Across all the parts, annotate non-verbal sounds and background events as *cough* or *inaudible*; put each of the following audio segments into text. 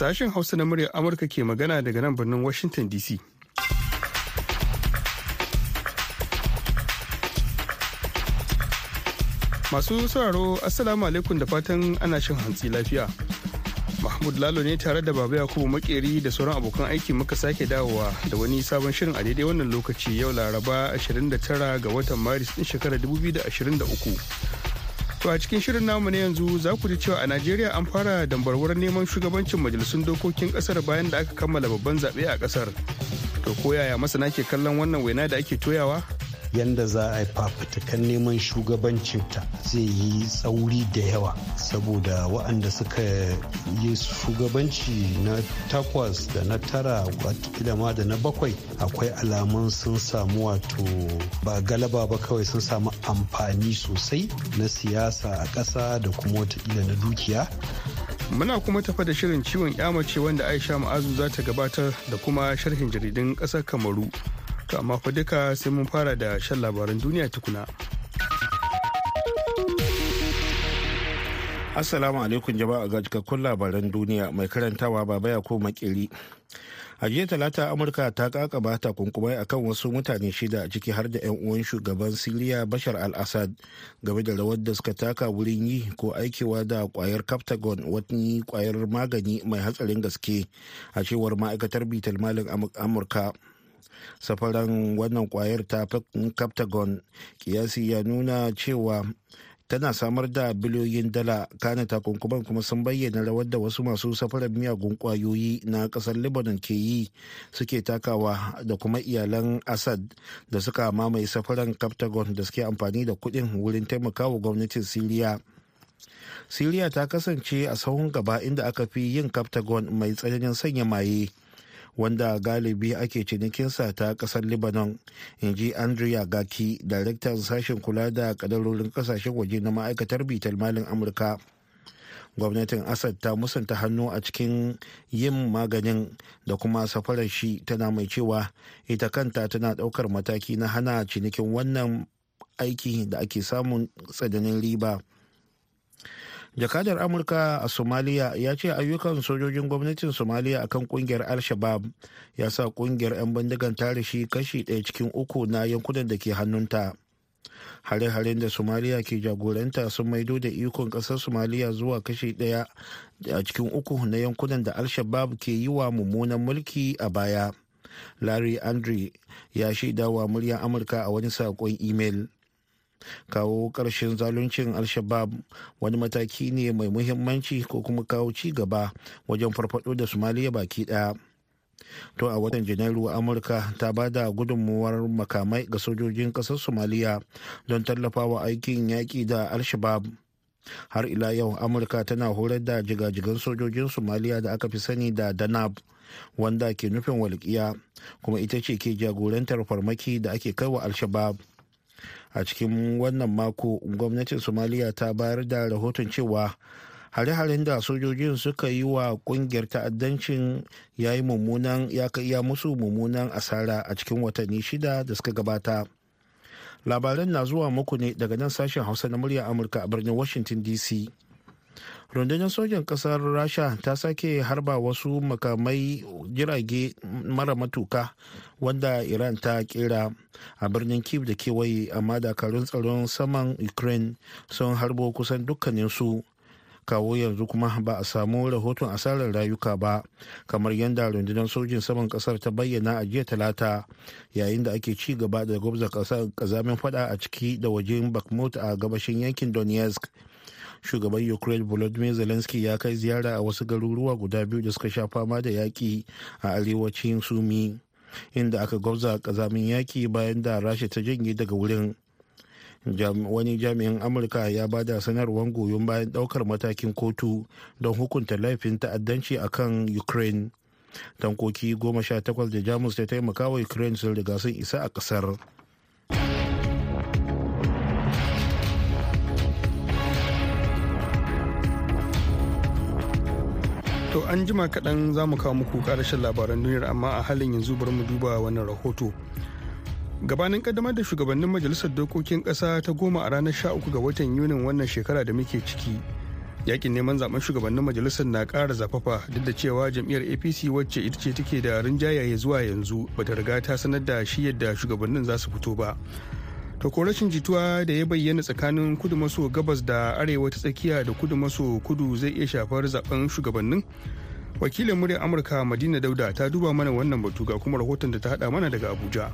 Sashen Hausa na muryar Amurka ke magana daga nan birnin Washington DC. Masu sauraro Assalamu alaikum da fatan ana shan hantsi lafiya. Mahmud Lalo ne tare da Baba Yakubu Makeri da sauran abokan aiki muka sake dawowa da wani sabon shirin a daidai wannan lokaci yau Laraba 29 ga watan Maris din shekarar 2023. To a cikin shirin namu ne yanzu za ku ji cewa a Najeriya an fara dambarwar neman shugabancin majalisun dokokin kasar bayan da aka kammala babban zaɓe a kasar. To ko yaya masana ke kallon wannan waina da ake toyawa? yanda za a yi fafutukan neman shugabancinta zai yi tsauri da yawa saboda waɗanda suka yi shugabanci na takwas da na tara watakila ma da na bakwai akwai alamun sun samu wato ba galaba ba kawai sun samu amfani sosai na siyasa a ƙasa da kuma watakila na dukiya Muna kuma tafa da shirin ciwon mace wanda Aisha Ma'azu za ta gabatar da kuma sharhin jaridun ƙasar Kamaru. To amma fa duka sai mun fara da shan labaran duniya tukuna. Assalamu alaikum jama'a ga cikakkun labaran duniya mai karantawa baba ya ko makiri. A jiya talata Amurka ta ta a akan wasu mutane shida ciki har da 'yan uwan shugaban Siriya Bashar al-Assad game da rawar da suka taka wurin yi ko aikewa da kwayar Captagon wani kwayar magani mai hatsarin gaske a cewar ma'aikatar bitalmalin Amurka. safaran wannan kwayar ta captagon kiyasi ya nuna cewa tana samar da biliyoyin dala kana takunkuman kuma sun bayyana rawar da wasu masu safarar miyagun kwayoyi na kasar lebanon ke yi suke takawa da kuma iyalan assad da suka mamaye safaran captagon da suke amfani da kudin wurin taimakawa gwamnatin siriya siriya ta kasance a sahun gaba inda aka fi yin captagon mai tsananin sanya maye wanda galibi ake cinikinsa ta kasar libanon in ji andrea gaki daraktan sashen kula da kadarorin kasashen waje na ma'aikatar bitar malin amurka gwamnatin asad ta musanta hannu a cikin yin maganin da kuma safarar shi tana mai cewa ita kanta tana daukar mataki na hana cinikin wannan aiki da ake samun tsadanin riba. jakadar amurka a somaliya ya ce ayyukan sojojin gwamnatin somaliya akan kungiyar al-shabab ya sa kungiyar 'yan bindigan tarishi kashi ɗaya cikin uku na yankunan da ke hannunta hare-haren da somaliya ke jagoranta sun maido da ikon ƙasar somaliya zuwa kashi ɗaya a cikin uku na yankunan da al-shabab ke yi wa mummunan mulki a baya larry andre ya shaidawa muryar amurka a wani saƙon imel kawo ƙarshen zaluncin al-shabab wani mataki ne mai muhimmanci ko kuma kawo ci gaba wajen farfado da somaliya baki ɗaya to a watan janairu amurka ta ba da gudunmuwar makamai ga sojojin ƙasar somaliya don tallafawa aikin yaƙi da al-shabab har ila yau amurka tana horar da jigajigan sojojin somaliya da aka fi sani da danab wanda ke nufin walƙiya kuma ita ce ke jagorantar farmaki da ake kaiwa al-shabab a cikin wannan mako gwamnatin somaliya ta bayar da rahoton cewa hare-haren da sojojin suka yi wa kungiyar ta'addancin ya yi mummunan ya iya musu mummunan asara a cikin watanni shida da suka gabata labaran na zuwa muku ne daga nan sashen hausa na murya amurka a birnin washington dc rundunar sojan kasar rasha ta sake harba wasu makamai jirage mara matuka wanda iran ta kera a birnin kiev da kewaye amma dakarun tsaron saman ukraine sun harbo kusan dukkaninsu kawo yanzu kuma ba a samu rahoton asarar rayuka ba kamar yadda rundunar sojin saman kasar ta bayyana a jiya talata yayin da ake ci gaba da gwabza kazamin fada a ciki da wajen bakmut a gabashin yankin donetsk shugaban ukraine volodymyr zelensky ya kai ziyara a wasu garuruwa guda biyu da suka sha fama da yaƙi a arewacin sumi inda aka gwabza kazamin yaƙi bayan da rasha ta janye daga wurin wani jami'in amurka ya ba da sanarwar goyon bayan ɗaukar matakin kotu don hukunta laifin ta'addanci a kan ukraine tankoki goma sha takwas da jamus ta taimaka wa ukraine sun riga sun isa a kasar. To an jima kaɗan za mu kawo muku ƙarashin labaran duniyar amma a halin yanzu bari mu duba wannan rahoto. Gabanin kaddamar da shugabannin majalisar dokokin ƙasa ta goma a ranar 13 ga watan Yunin wannan shekara da muke ciki. Yakin neman zaben shugabannin majalisar na ƙara zafafa duk da cewa jam'iyyar APC wacce ita ce take da rinjaye zuwa yanzu bata riga ta sanar da shi yadda shugabannin za su fito ba. to ko rashin jituwa da ya bayyana tsakanin kudu maso gabas da arewa ta tsakiya da kudu maso kudu zai iya shafar zaben shugabannin wakilin muryar amurka madina dauda ta duba mana wannan batu ga kuma rahoton da ta hada mana daga abuja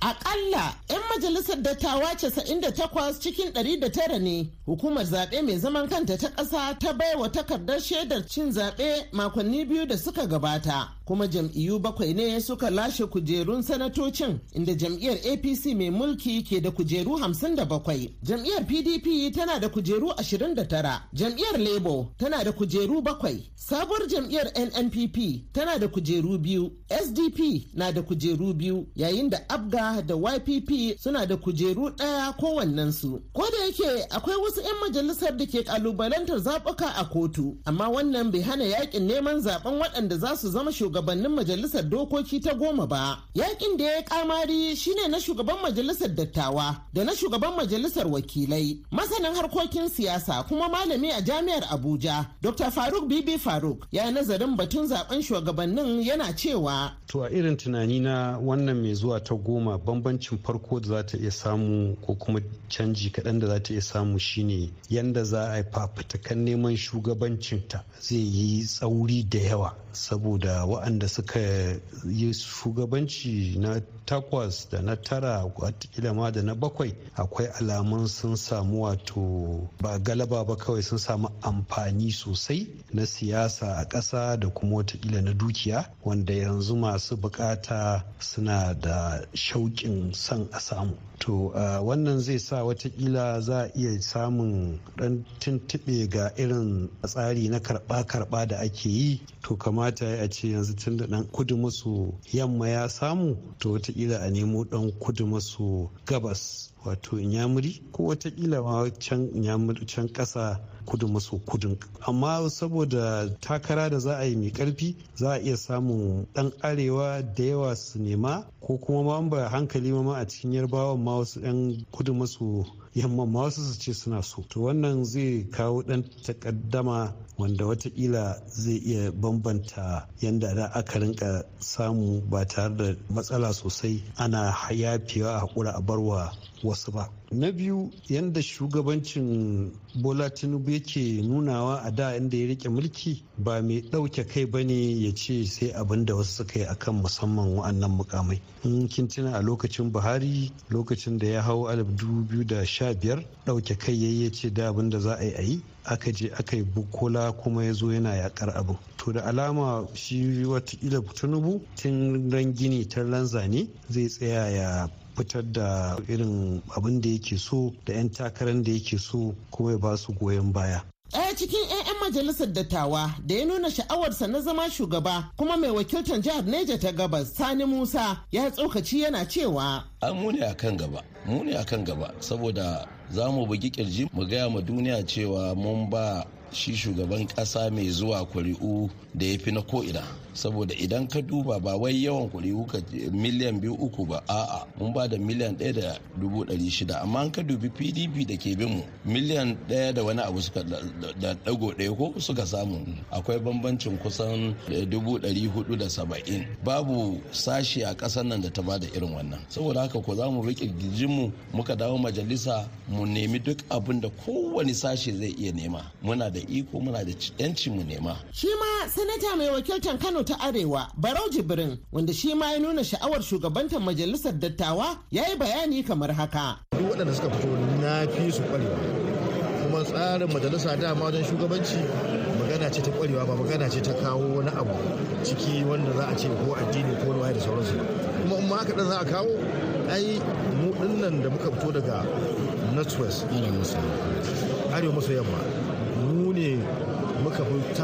akalla 'yan majalisar dattawa 98 cikin 109 ne hukumar zaɓe mai zaman kanta ta ƙasa ta baiwa takardar shaidar cin zaɓe makonni biyu da suka gabata kuma jam'iyyu bakwai ne suka lashe kujerun sanatocin inda jam'iyyar apc mai mulki ke da kujeru 57 jam'iyyar pdp tana da kujeru 29 jam'iyyar labour tana da kujeru bakwai sabuwar jam'iyyar nnpp tana da kujeru biyu sdp na da kujeru biyu yayin da abga da ypp suna da kujeru ɗaya kowannensu ko da yake akwai wasu 'yan majalisar da ke kalubalantar zaɓuka a kotu amma wannan bai hana yakin neman zaɓen waɗanda za su zama shugaban shugabannin majalisar dokoki ta goma ba. Yakin da ya kamari shine na shugaban majalisar dattawa da na shugaban majalisar wakilai. Masanin harkokin siyasa kuma malami a jami'ar Abuja, Dr. Faruk Bibi Faruk ya nazarin batun zaben shugabannin yana cewa. To a irin tunani na wannan mai zuwa ta goma bambancin farko da za ta iya samu ko kuma canji kaɗan da za ta iya samu shine yanda za a yi kan neman shugabancinta zai yi tsauri da yawa saboda waɗanda suka yi shugabanci na takwas da na tara watakila ma da na bakwai akwai alamun sun samu wato ba galaba ba kawai sun samu amfani sosai na siyasa a ƙasa da kuma watakila na dukiya wanda yanzu masu bukata suna da shauƙin son a samu to wannan zai sa watakila za a iya samun ɗan tuntuɓe ga irin tsari na karɓa-karɓa da ake yi to kamata a ce yanzu tun da dan kudu maso yamma ya samu to wataƙila a nemo ɗan kudu maso gabas wato inyamuri ko watakila ma can inyamuri can ƙasa kudu maso kudun amma saboda takara da za a yi mai karfi za a iya samun dan arewa da yawa su nema ko kuma ma ba hankali ma a cikin yarbawan ma wasu yan kudu maso yamma ma wasu su ce suna so to wannan zai kawo dan takaddama wanda watakila zai iya bambanta yadda da aka rinka samu ba tare da matsala sosai ana yafewa a hakura a barwa wasu ba na biyu yadda shugabancin bola tinubu yake nunawa a da inda ya rike mulki ba mai ɗauke kai ba ne ya ce sai abin da wasu suka yi akan musamman wa'annan mukamai in kin a lokacin buhari lokacin da ya hau alif dubu da sha biyar ɗauke kai ya ce da abin da za a yi a yi aka je aka yi bukola kuma ya zo yana yakar abu, to da alama shi watakila tinubu tun ran gini ta lanza ne zai tsaya ya fitar da irin abin da yake so da 'yan takarar da yake so kuma ya ba su goyon baya Ɗaya cikin 'ya'yan majalisar dattawa da ya nuna sha'awarsa na zama shugaba kuma mai wakiltar jihar Neja ta gabas Sani Musa ya tsokaci yana cewa. Ai mu ne akan gaba, mu ne akan gaba saboda za mu bugi kirji mu gaya ma duniya cewa mun ba shi shugaban ƙasa mai zuwa kuri'u da ya fi na ko'ina. saboda idan ka duba ba wai yawan kuri'u ka miliyan biyu uku ba a'a mun ba da miliyan ɗaya da dubu ɗari shida amma ka dubi pdp da ke bin mu miliyan ɗaya da wani abu suka da ɗago ɗaya ko suka samu akwai bambancin kusan dubu ɗari hudu da saba'in babu sashi a ƙasar nan da ta ba da irin wannan saboda haka ko za mu riƙe mu muka dawo majalisa mu nemi duk abin da kowane sashi zai iya nema muna da iko muna da yanci mu nema shi ma sanata mai wakiltar kano ta Arewa Barau Jibrin wanda shi ma ya nuna sha'awar shugabantar majalisar dattawa ya yi bayani kamar haka. Duk waɗanda suka fito na fi su ƙwarewa kuma tsarin majalisa dama wajen shugabanci magana ce ta ƙwarewa ba magana ce ta kawo wani abu ciki wanda za a ce ko addini ko wani da sauransu kuma in ma haka za a kawo ai mu nan da muka fito daga northwest arewa maso yamma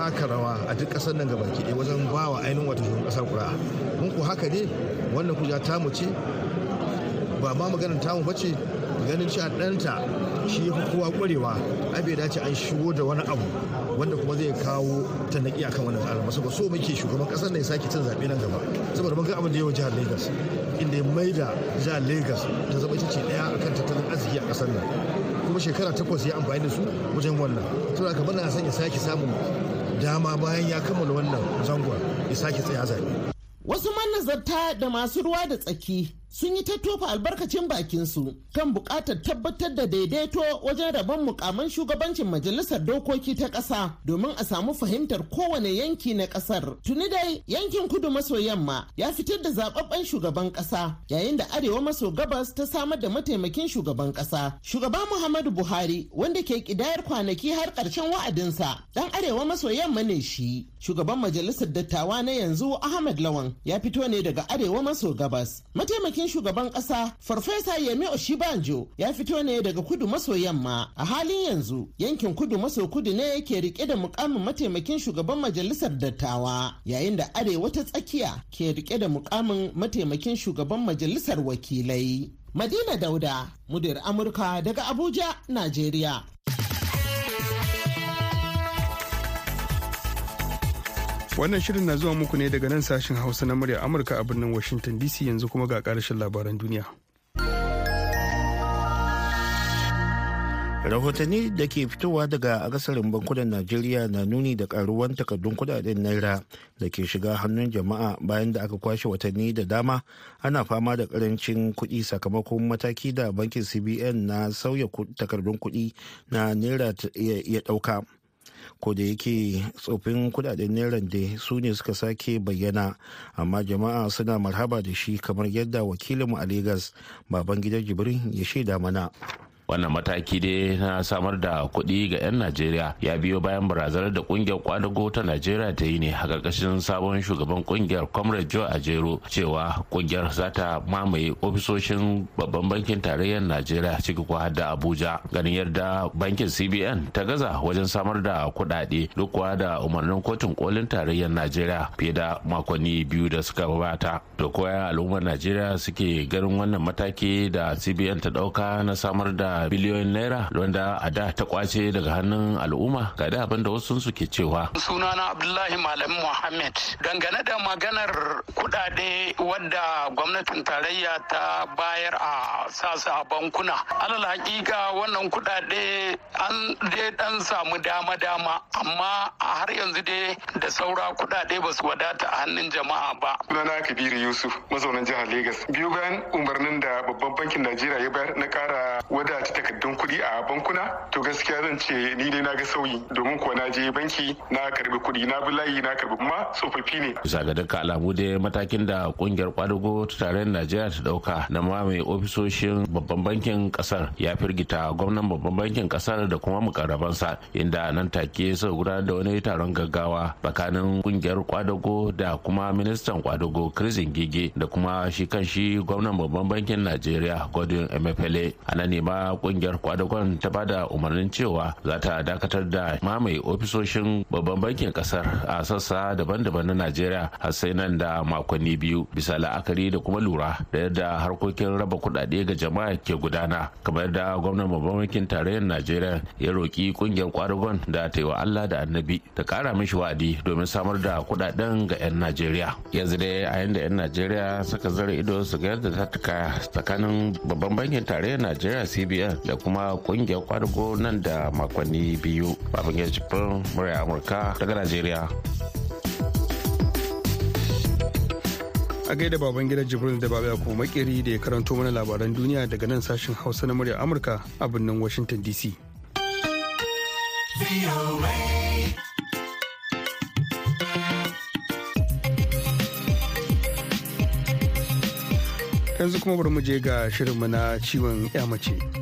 taka rawa a duk ƙasar nan gaba ke wajen bawa ainihin wata shugaban ƙasar ƙuri'a mun ku haka ne wannan kujera tamu ce ba ma maganin tamu ba ce ganin cewa ɗanta shi ya kowa ƙwarewa ai bai dace an shigo da wani abu wanda kuma zai kawo tanaki akan wannan al'amari saboda so muke shugaban ƙasar ne sake cin zaɓe nan gaba saboda mun ga abin da yawa jihar Lagos inda ya maida jihar Lagos ta zama ita ce ɗaya akan tattalin arziki a ƙasar nan kuma shekara takwas ya amfani da su wajen wannan to kamar muna son ya sake samun dama bayan ya kammala wannan zangon ya sake tsaya zaɓe. Wasu manazarta da masu ruwa da tsaki sun yi ta tofa albarkacin su kan buƙatar tabbatar da daidaito wajen rabon mukaman shugabancin majalisar dokoki ta ƙasa domin a samu fahimtar kowane yanki na ƙasar. Tuni dai yankin kudu maso yamma ya fitar da zababben shugaban ƙasa yayin da arewa maso gabas ta samar da mataimakin shugaban ƙasa. Shugaba Muhammadu Buhari wanda ke ƙidayar kwanaki har ƙarshen wa'adinsa dan arewa maso yamma ne shi. Shugaban majalisar dattawa na yanzu Ahmad Lawan ya fito ne daga arewa maso gabas. Mataimakin shugaban kasa, Farfesa Yemi Oshibanjo ya fito ne daga kudu maso yamma. A halin yanzu yankin kudu maso kudu ne ke rike da mukamin mataimakin shugaban majalisar dattawa yayin da arewa ta tsakiya ke rike da mukamin mataimakin shugaban majalisar wakilai. Madina Dauda, mudir Amurka daga Abuja, Najeriya. Wannan shirin na zuwa muku ne daga nan sashen Hausa na murya Amurka a birnin Washington DC yanzu kuma ga ƙarshen labaran duniya. Rahotanni da ke fitowa daga akasarin bankunan Najeriya na nuni da karuwan takardun kudaden naira da ke shiga hannun jama'a bayan da aka kwashe watanni da dama ana fama da karancin kudi sakamakon mataki da bankin CBN na sauya takardun kudi na naira ya ɗauka. ko da yake tsofin kudaden Naira da su ne suka sake bayyana amma jama'a suna marhaba da shi kamar yadda wakilinmu a Legas baban gidan jibrin ya shaida mana wannan mataki dai na samar da kuɗi ga 'yan najeriya ya biyo bayan barazanar da kungiyar kwadago ta najeriya ta yi ne a ƙarƙashin sabon shugaban ƙungiyar comrade joe ajero cewa ƙungiyar za ta mamaye ofisoshin babban bankin tarayyar najeriya ciki kuwa da abuja ganin yadda bankin cbn ta gaza wajen samar da kuɗaɗe duk kuwa da umarnin kotun kolin tarayyar najeriya fiye da makonni biyu da suka gabata to koya al'ummar najeriya suke ganin wannan mataki da cbn ta ɗauka na samar da biliyoyin naira wanda a da ta kwace daga hannun al'umma ga da abin da wasu su ke cewa sunana abdullahi malam muhammad dangane da maganar kudade wadda gwamnatin tarayya ta bayar a sasa a bankuna alal hakika wannan kudade an dai dan samu dama dama amma a har yanzu dai da saura kudade ba su wadata a hannun jama'a ba sunana kabiru yusuf mazaunin jihar lagos biyu bayan umarnin da babban bankin najeriya ya bayar na kara wada ta takardun kuɗi a bankuna to gaskiya zan ce ni dai na ga sauyi domin kuwa na je banki na karbi kuɗi na bi layi na karbi kuma tsofaffi ne. Bisa ga dukkan alamu dai matakin da kungiyar kwadugo ta tarayyar Najeriya ta dauka na mamaye ofisoshin babban bankin kasar ya firgita gwamnan babban bankin kasar da kuma mukarrabansa inda nan take sau gudanar da wani taron gaggawa tsakanin kungiyar kwadago da kuma ministan kwadago chris gige da kuma shi kan shi gwamnan babban bankin najeriya godwin emefele a nan ne kungiyar kwadagon ta bada umarnin cewa za ta dakatar da mamaye ofisoshin babban bankin kasar a sassa daban-daban na najeriya har sai nan da makonni biyu bisa la'akari da kuma lura da yadda harkokin raba kuɗaɗe ga jama'a ke gudana kamar da gwamnan babban bankin tarayyar najeriya ya roƙi kungiyar kwadagon da ta yi wa allah da annabi ta ƙara mishi wa'adi domin samar da kuɗaɗen ga 'yan najeriya yanzu dai a yanda 'yan najeriya suka zara ido su ga yadda ta tsakanin babban bankin tarayyar najeriya cbn kungiyar da kuma kungiyar kwadugo nan da makonni biyu babin ya murya amurka daga najeriya a gaida baban gidan jibril da babu kuma makeri da ya karanto mana labaran duniya daga nan sashen hausa na murya amurka a birnin washington dc yanzu kuma bari mu je ga shirinmu na ciwon ya mace.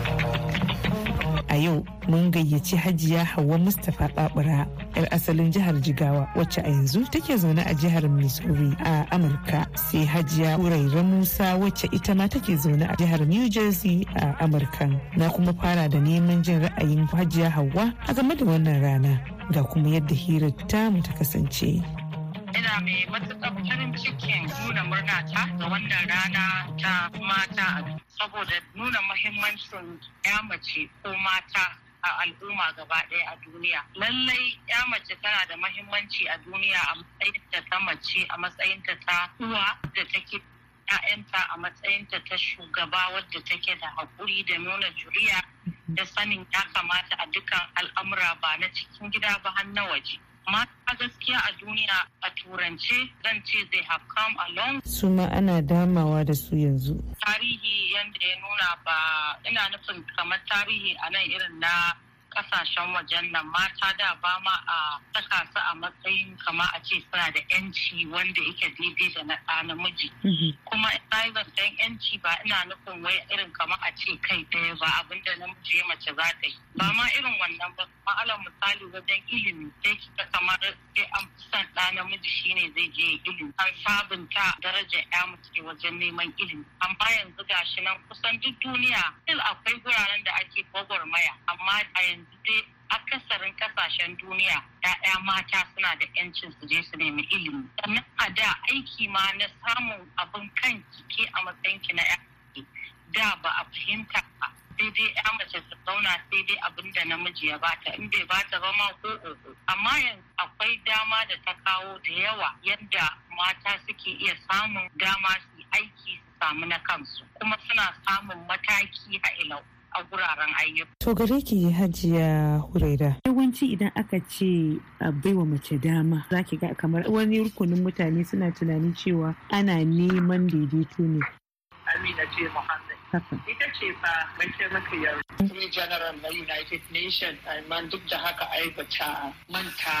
yau mun gayyaci hajiya Hauwa Mustapha Babura, 'yar asalin jihar Jigawa wacce a yanzu take zaune a jihar Missouri a Amurka. Sai hajiya Huraira Musa wacce ita ma take zaune a jihar New Jersey a Amurka. Na kuma fara da neman jin ra'ayin hajiya Hauwa a game da wannan rana. Ga kuma yadda hirar tamu ta kasance. ina mai matuƙar farin cikin nuna murna ta ga wannan rana ta mata a saboda nuna mahimmancin ya mace ko mata a al'umma gaba ɗaya a duniya. Lallai ya mace tana da mahimmanci a duniya a matsayinta ta mace a matsayinta ta uwa da take ‘ya'yanta a matsayinta ta shugaba wadda take da haƙuri da nuna juriya da sanin ya kamata a dukkan al'amura ba na cikin gida ba har na waje. mata gaskiya a duniya a turance zan ce they have come along su ma ana damawa da su yanzu tarihi yadda ya nuna ba ina nufin kamar tarihi a nan irin na kasashen wajen nan mata da ba ma a saka su a matsayin kama a ce suna da yanci wanda yake daidai da na ɗa namiji mhm. kuma private yanci ba ina nufin wai irin kama a ce kai ɗaya ba abinda namiji ya mace za ta yi ba ma irin wannan ba kuma alam misali wajen ilimi sai kika kamar sai an fi son ɗa namiji shine zai je ilimi an sabunta darajar ya mace wajen neman ilimi amma yanzu gashi nan kusan duk duniya akwai guraren da ake gwagwarmaya amma a yanzu yanzu dai akasarin kasashen duniya ‘ya'ya mata suna da ‘yancin su je su nemi ilimi. Sannan a da aiki ma na samun abin kan ke a matsayin ki na yaki da ba a fahimta ba. Sai dai ‘ya mace su zauna sai dai abin da namiji ya bata in bai bata ba ma ko Amma yanzu akwai dama da ta kawo da yawa yadda mata suke iya samun dama su aiki su samu na kansu kuma suna samun mataki a ilau. a guraren ayyuka. To gare ki hajiya huraira. Yawanci idan aka ce a baiwa mace dama za ki ga kamar wani rukunin mutane suna tunanin cewa ana neman daidaito ne Amina ce Muhammad. Ita ce fa mace maka yau. Attorney General na United Nations man duk da haka ai bata manta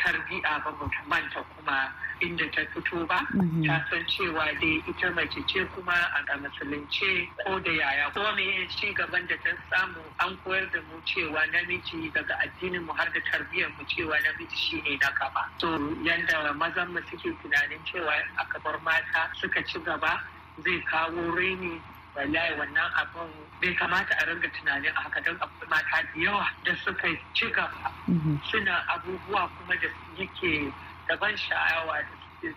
tarbiya ba bata manta kuma inda ta fito ba. Mhm. Ta san cewa dai ita mace ce kuma a musulunce ko da yaya ko me ci gaban da ta samu an koyar da mu cewa namiji daga addinin mu har da tarbiyyar mu cewa namiji shine na gaba. To yanda mazan mu suke tunanin cewa aka bar mata suka ci gaba zai kawo raini wallahi wannan abin bai kamata a ringa tunanin a haka don akwai mata da yawa da suka ci gaba mhm. suna abubuwa kuma da yake daban sha'awa da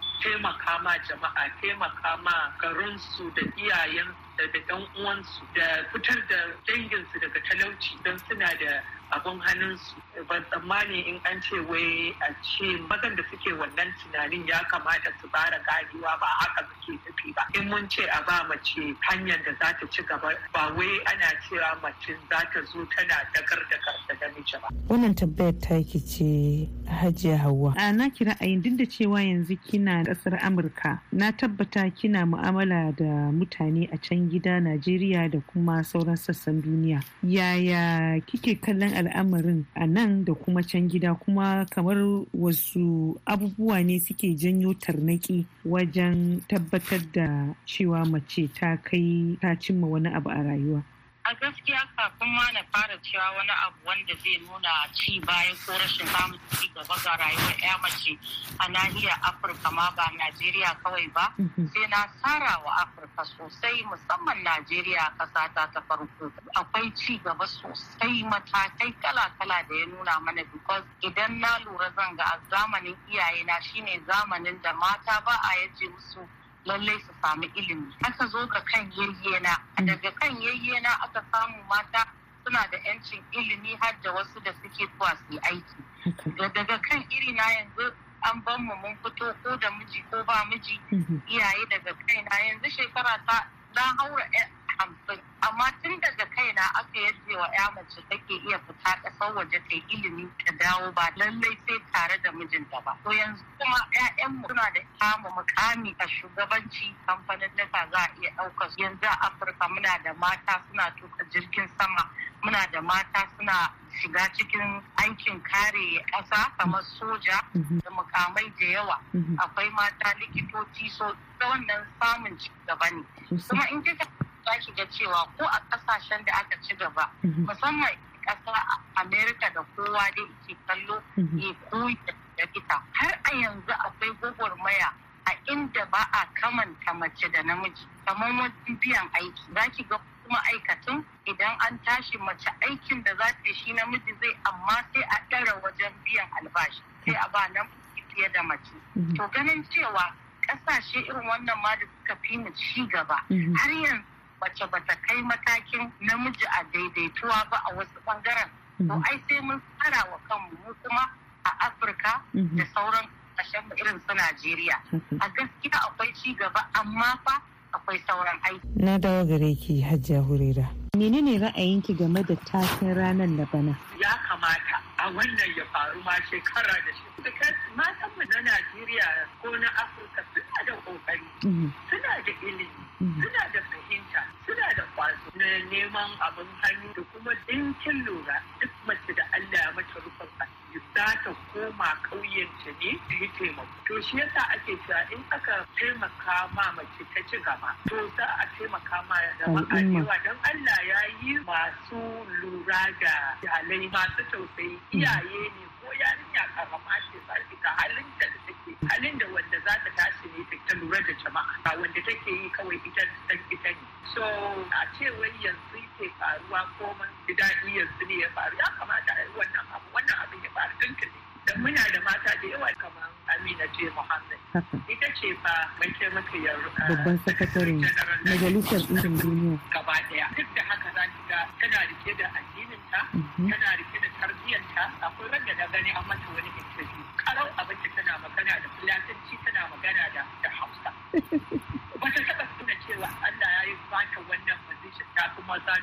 suke taimaka ma jama'a taimaka ma garinsu da iyayen da ɗan uwansu da fitar da danginsu daga talauci don suna da abin hannunsu ban tsammani in an ce wai a ce Magan da suke wannan tunanin ya kamata su bara ganewa ba haka suke tafi ba in mun ce a ba mace hanyar da za ta ci gaba ba wai ana cewa mace za ta zo tana dakar da karta da mace ba wannan tabbayar taki ce hajiya hawa a na kira a duk da cewa yanzu kina kasar amurka na tabbata kina mu'amala da mutane a can gida najeriya da kuma sauran sassan duniya yaya kike kallon al'amarin a nan da kuma can gida kuma kamar wasu abubuwa ne suke janyo tarnaki wajen tabbatar da cewa mace ta kai ta cimma wani abu a rayuwa a gaskiya kafin ma na fara cewa wani abu wanda zai nuna ci bayan ko rashin samun ci gaba ga rayuwar ya mace a nahiyar afirka ma ba najeriya kawai ba mm-hmm. sai na tsara wa afirka sosai musamman najeriya kasa ta ta farko akwai ci gaba sosai matakai kala-kala da ya nuna mana because idan na lura zanga a zamanin iyaye na shine zamanin da mata ba a yaje musu lallai su samu ilimi aka zo ga kan yayyena mm. daga kan yayyena aka samu mata suna da yancin ilimi har da wasu da suke zuwa su aiki daga kan iri na yanzu an ban mu mun fito ko da miji ko ba miji mm-hmm. iyaye daga kaina yanzu shekara ta na haura hamsin amma tun daga kaina aka yadda wa ya mace take iya fita ƙasar waje ta ilimi ta dawo ba lallai sai tare da mijinta ba to yanzu kuma mu suna da kama mukami a shugabanci kamfanin nasa za a iya ɗaukar yanzu a afirka muna da mata suna tuka jirgin sama muna da mata suna shiga cikin aikin kare ƙasa kamar soja mm-hmm. da mukamai da yawa mm-hmm. akwai mata likitoci so ta wannan samun ci gaba ne kuma in kika za ki ga cewa ko a kasashen da aka ci gaba mhm. musamman ƙasar amerika da kowa mhm. da ke kallo ya ko da ita har a yanzu akwai gwagwarmaya a inda ba a kamanta mace da namiji kamar wajen biyan aiki za ki ga aikatun idan an tashi mace aikin da za ta shi namiji zai amma sai a ɗara wajen biyan albashi sai a ba nan fiye da mace mhm. to ganin cewa ƙasashe irin wannan ma da suka fi mu ci gaba har yanzu mace ba ta kai matakin namiji a daidaituwa ba a wasu bangaren to mhm. ai sai mun fara wa kanmu mu kuma a afirka mhm. da sauran kasashen irin su najeriya a gaskiya akwai ci gaba amma fa akwai sauran aiki na dawo gare ki hajjiya hurera menene ra'ayinki game da tasin ranar da bana ya kamata a wannan ya faru ma shekara da shekara matan na najeriya ko na afirka suna da kokari mhm. suna da ilimi suna da fahimta da neman abin hannu da kuma dinkin lura duk mace da Allah ya mata rufin asiri za ta koma ƙauyenta ne ta yi taimako. To shi yasa ake cewa in aka taimaka ma mace ta ci gaba to za a taimaka ma jama'a yawa don Allah ya yi masu lura da jalai masu tausayi iyaye ne ko yarinya karama ce saboda halin da take halin da wanda za ta tashi ne ta lura da jama'a ba wanda take yi kawai ita ta ita ne so a ce yanzu ke faruwa ko man daɗi yanzu ne ya faru ya kamata a yi wannan abu wannan abin ya faru tun ne dan muna da mata da yawa kamar Amina J. Muhammad ita ce fa mai taimakiyar eh, babban sakatare majalisar ɗinkin duniya gaba ɗaya duk da haka za ki ga tana rike da addinin ta. Mhm. tana rike da ta. akwai wanda da gani an mata wani interview karau abinci tana magana da fulatanci tana magana da da hausa *laughs* ba ta taɓa tuna cewa Allah ya yi bata wannan position ta kuma za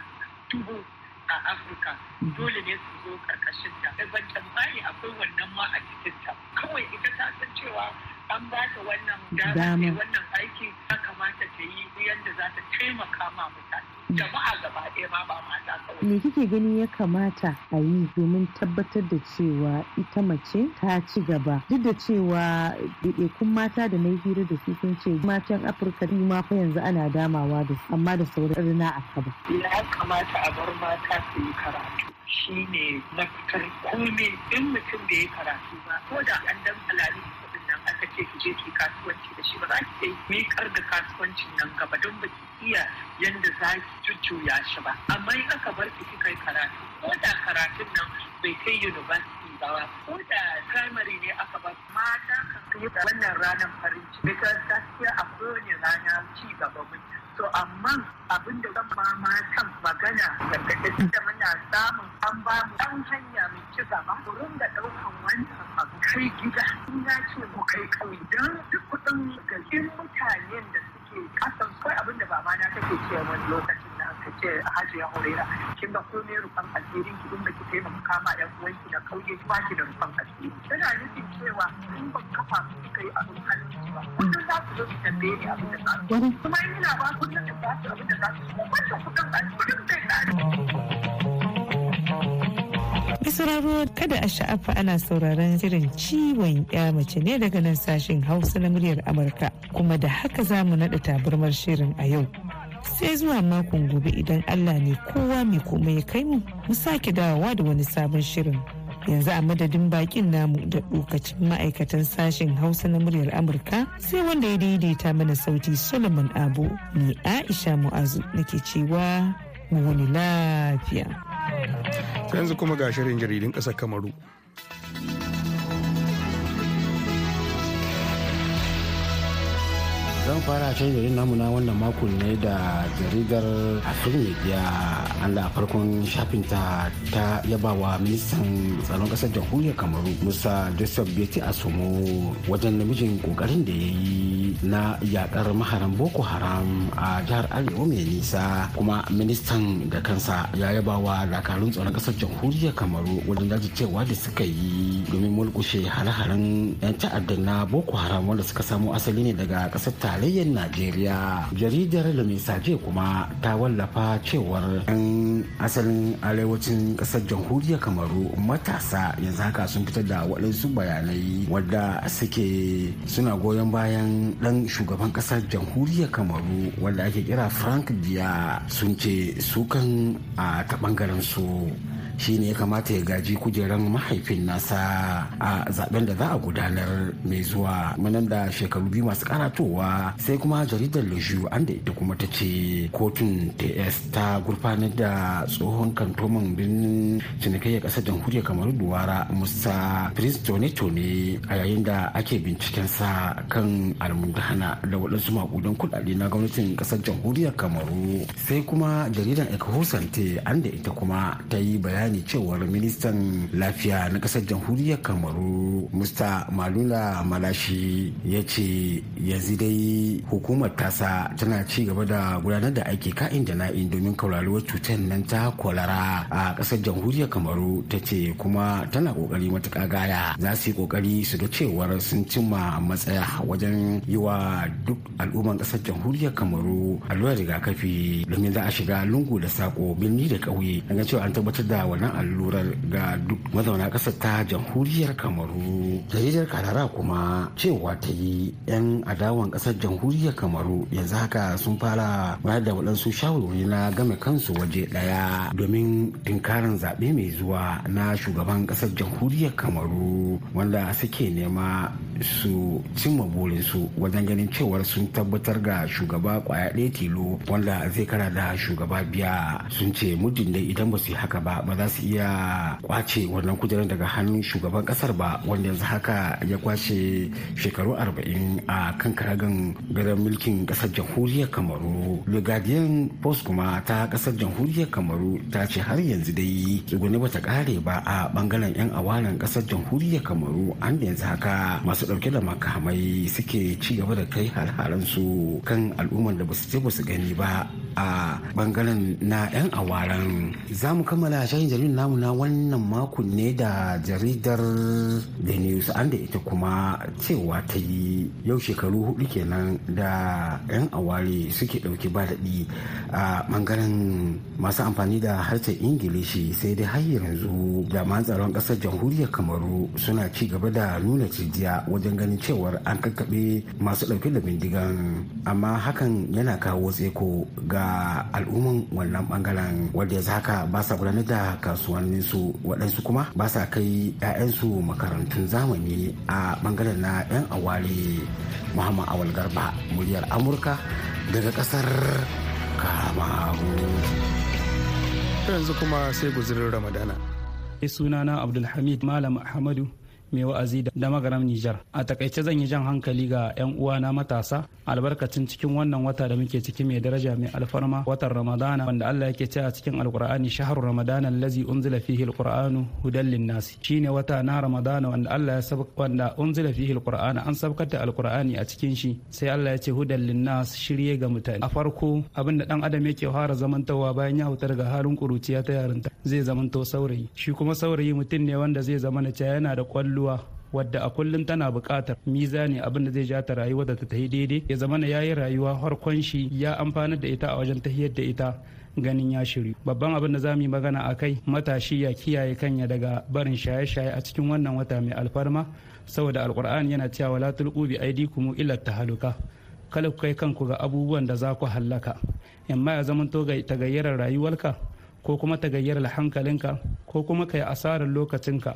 dubu a Afirka dole ne su zo karkashin ta ban tambayi akwai wannan ma a cikin ta kawai ita ta san cewa an ba ta wannan dama wannan aiki ya kamata ta yi yadda za ta taimaka ma mutane jama'a gaba ɗaya ma ba mata kawai. Me kike gani ya kamata a yi domin tabbatar da cewa ita mace ta ci gaba duk da cewa ɗaiɗaikun mata da na yi hira da su sun ce matan Afirka ni ma fa yanzu ana damawa da su amma da sauran rina a kaba. Ya kamata a bar mata su yi karatu. Shi ne mafitar komai in mutum da ya karatu ba ko da an dan alali kuɗin nan aka ce ki je ki kasuwanci da shi ba za ki miƙar da kasuwancin nan gaba don ba ki iya yadda za ki cuccuya shi ba amma in aka bar ki kika yi karatu ko da karatun nan bai kai university ba ko da primary ne aka bar? mata kan da wannan ranar farin ciki because gaskiya a kowane rana ci gaba mun. to amma abin da zan ma matan magana gargaɗi da muna samun an ba mu ɗan hanya mu ci gaba ku da ɗaukan wannan abu kai gida in ce mu kai ƙauye don duk kuɗin gajin mutanen da nake kasan kawai abin da baba na take ce wani lokacin da aka ce hajji ya horera kin ga ko ne rufan asirin ki in ba ki taimaka kama uwan ki na kauye ba ki da rufan asiri tana nufin cewa in ba kafa su suka a abin hannun ba kullum za su zo su tambaye ni abin da za su kuma ina ba kullum da za su abin da za su kuma wanda kuɗin ba zai ƙare. A kada a sha'afa ana sauraron shirin ciwon ya mace ne daga nan sashen Hausa na muryar Amurka kuma da haka za mu naɗa taburmar shirin a yau. Sai zuwa makon gobe idan Allah ne kowa mai komai ya kai mu mu sake dawowa da wani sabon shirin. yanzu a madadin bakin namu da dokacin ma'aikatan sashen hausa na muryar amurka sai wanda ya daidaita mana sauti solomon abu ni aisha mu'azu nake cewa mu wani lafiya yanzu kuma ga shirin jaridun ƙasar kamaru zan fara can jaridar namu na wannan makon ne da jaridar afir media an da farkon shafin ta yaba wa ministan tsaron kasar jamhuriyar kamaru musa joseph beti sumo wajen namijin kokarin da ya yi na yakar maharan boko haram a jihar arewa mai nisa kuma ministan da kansa ya yaba wa dakarun tsaron kasar jamhuriyar kamaru wajen cewa da suka yi domin mulkushe hare-haren 'yan ta'adda na boko haram wanda suka samo asali ne daga kasar ta tarayyar najeriya jaridar lumisaje kuma ta wallafa cewar yan asalin arewacin kasar jamhuriyar kamaru matasa yanzu haka sun fitar da waɗansu bayanai wadda suke suna goyon bayan ɗan shugaban kasar jamhuriyar kamaru wadda ake kira frank biya sun ce sukan a ta ɓangaren su shine ya kamata ya gaji kujeran mahaifin nasa a zaben da za a gudanar mai zuwa manan da shekaru biyu masu karatowa sai kuma jaridar leju an da ita kuma ta ce kotun ts ta gurfanar da tsohon kantoman birnin cinikayyar ƙasar jamhuriyar kamaru duwara musa prince tone tony a yayin da ake bincikensa kan almundana da waɗansu maƙudan kuɗaɗe na gwamnatin ƙasar jamhuriyar kamaru sai kuma jaridar ekahusante an da ita kuma ta yi bayani bayani cewar ministan lafiya na kasar jamhuriyar kamaru musta malula malashi ya ce yanzu dai hukumar tasa tana ci gaba da gudanar da aiki ka'in da na'in domin kauraruwar cutar nan ta kwalara a kasar jamhuriyar kamaru ta ce kuma tana kokari matuka gaya za su yi kokari su ga cewar sun cimma matsaya wajen yi wa duk al'umman kasar jamhuriyar kamaru allurar rigakafi domin za a shiga lungu da sako birni da ƙauye an cewa an tabbatar da wannan allurar ga duk mazauna ƙasar ta jamhuriyar kamaru jaridar karara kuma cewa ta yi 'yan adawan ƙasar jamhuriyar kamaru yanzu haka sun fara bayar da waɗansu shawarwari na game kansu waje ɗaya domin tinkarin zaɓe mai zuwa na shugaban ƙasar jamhuriyar kamaru wanda suke nema su cimma burinsu wajen ganin cewar sun tabbatar ga shugaba kwaya ɗaya tilo wanda zai kara da shugaba biya sun ce muddin dai idan ba su yi haka ba ba za su iya kwace wannan kujerar daga hannun shugaban kasar ba wanda yanzu haka ya kwace shekaru arba'in a kan karagan gadon mulkin kasar jamhuriyar kamaru le guardian post kuma ta kasar jamhuriyar kamaru ta ce har yanzu dai tsuguni bata kare ba a bangaren yan awalan kasar jamhuriyar kamaru an da yanzu haka masu dauke da makamai suke ci gaba da kai har su kan al'ummar da basu je su gani ba a bangaren na 'yan awaran za mu kammala shayin jaridar namu na wannan makon ne da jaridar the news an da ita kuma cewa ta yi yau shekaru hudu kenan da 'yan aware suke ɗauki ba daɗi a bangaren masu amfani da harshen ingilishi sai dai har yanzu jami'an tsaron ƙasar jamhuriyar kamaru suna ci gaba da nuna cijiya wajen ganin cewar an kakkaɓe masu ɗauke da bindigan amma hakan yana kawo tseko ga al'umman wannan bangaren wadda yanzu haka ba sa gudanar da su waɗansu kuma ba sa kai 'ya'yansu makarantun zamani a bangaren na 'yan awari muhammad awal garba muryar amurka daga ƙasar kamaru yanzu kuma sai guzurin ramadana sunana abdulhamid malam ahmadu mai wa'azi da magaram Nijar. A takaice zan yi jan hankali ga 'yan uwana matasa albarkacin cikin wannan wata da muke ciki mai daraja mai alfarma watan Ramadana wanda Allah yake cewa cikin Alkur'ani shahar Ramadana lazi. unzila fihi alqur'anu hudan shi shine wata na Ramadana wanda Allah ya sabu. wanda unzila fihi alqur'ana an sabkata alkur'ani a cikin shi sai Allah ya ce hudan linnas shirye ga mutane. A farko abinda dan adam yake fara zamantawa bayan ya hutar ga halin kuruciya ta yarinta zai zamanto saurayi shi kuma saurayi mutum ne wanda zai zama na yana da kwallo rayuwa wadda a kullum tana buƙatar ne abin da zai ja ta rayuwa da ta tafi daidai ya zama na yayi rayuwa harkon shi ya amfanar da ita a wajen tahiyar da ita ganin ya shiri babban abin da zamu yi magana a kai matashi ya kiyaye kanya daga barin shaye-shaye a cikin wannan wata mai alfarma saboda alkur'ani yana cewa wala tulqu bi aidikum ila tahaluka kala ku kai kanku ga abubuwan da za ku hallaka amma ya zama to ga tagayyarar rayuwarka ko kuma tagayyarar hankalinka ko kuma kai asarar lokacinka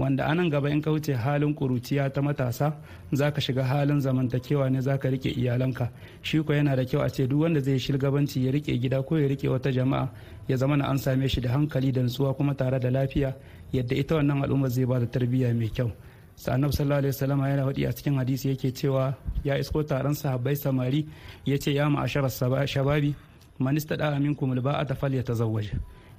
wanda anan gaba in ka wuce halin kuruciya ta matasa za ka shiga halin zamantakewa ne za ka rike iyalanka shi ko yana da kyau a ce duk wanda zai shilgabanci ya rike gida ko ya rike wata jama'a ya zama na an same shi da hankali da nutsuwa kuma tare da lafiya yadda ita wannan al'umma zai ba da tarbiyya mai kyau annabi sallallahu alaihi wasallam yana faɗi a cikin hadisi yake cewa ya isko taron sahabbai samari ya ce ya ma'ashar shababi man istada minkum alba'ata falyatazawwaj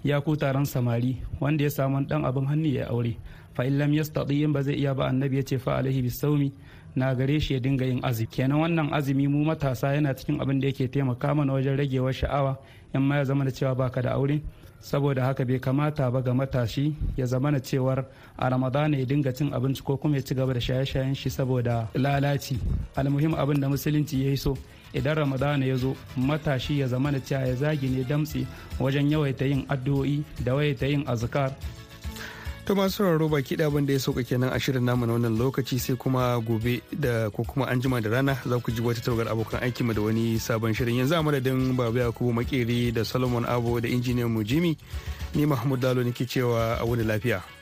ya ku taron samari wanda ya samu dan abin hannu ya aure fa in lam yastati in ba zai iya ba annabi ya ce fa alaihi bisawmi na gare shi ya dinga yin azumi kenan wannan azumi mu matasa yana cikin abin da yake taimaka mana wajen ragewar sha'awa in ma ya zama da cewa baka da aure saboda haka bai kamata ba ga matashi ya zama na cewar a ramadana ya dinga cin abinci ko kuma ya ci gaba da shaye-shayen shi saboda lalaci almuhim abin da musulunci ya yi so idan ramadana ya zo matashi ya zama na cewa ya zagi ne damtse wajen yawaita yin addu'o'i da wayaita yin azkar To masu sauraro baki ɗaban da ya sauka kenan a shirin namu na wannan lokaci sai kuma gobe da ko kuma an jima da rana za ku ji wata tawagar abokan aiki mu da wani sabon shirin yanzu a madadin Babu Yakubu Makeri da Solomon Abo da injiniyan mu Jimmy ni Mahmud Lalo nake cewa a wani lafiya.